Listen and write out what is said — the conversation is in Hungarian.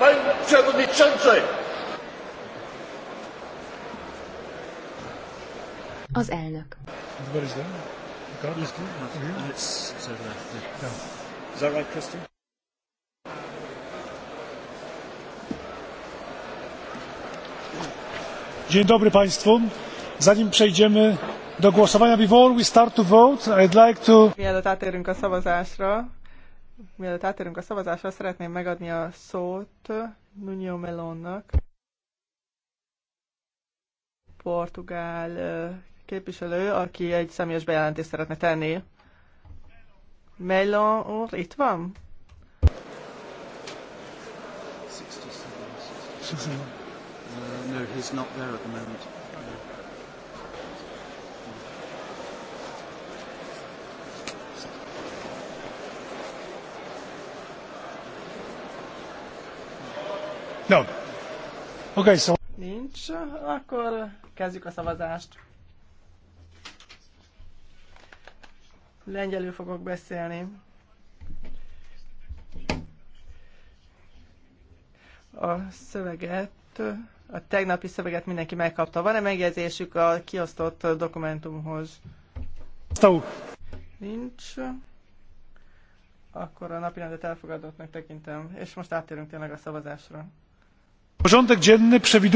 Pan Przewodniczący! Az elnök. is that? The card is good. It's, it's Is that right, Dzień dobry Państwu. Zanim przejdziemy do głosowania, before we start to vote, I'd like to... Mielőtt átérünk a szavazásra, mielőtt átérünk a szavazásra, szeretném megadni a szót Nuno Melonnak, portugál képviselő, aki egy személyes bejelentést szeretne tenni. Melon úr, itt van? Uh, no, he's not there at the moment. No. Okay, so... Nincs. Akkor kezdjük a szavazást. Lengyelül fogok beszélni. A szöveget, a tegnapi szöveget mindenki megkapta. Van-e megjegyzésük a kiosztott dokumentumhoz? Stau. Nincs akkor a napi rendet elfogadottnak tekintem, és most áttérünk tényleg a szavazásra porządek dzienny przewiduje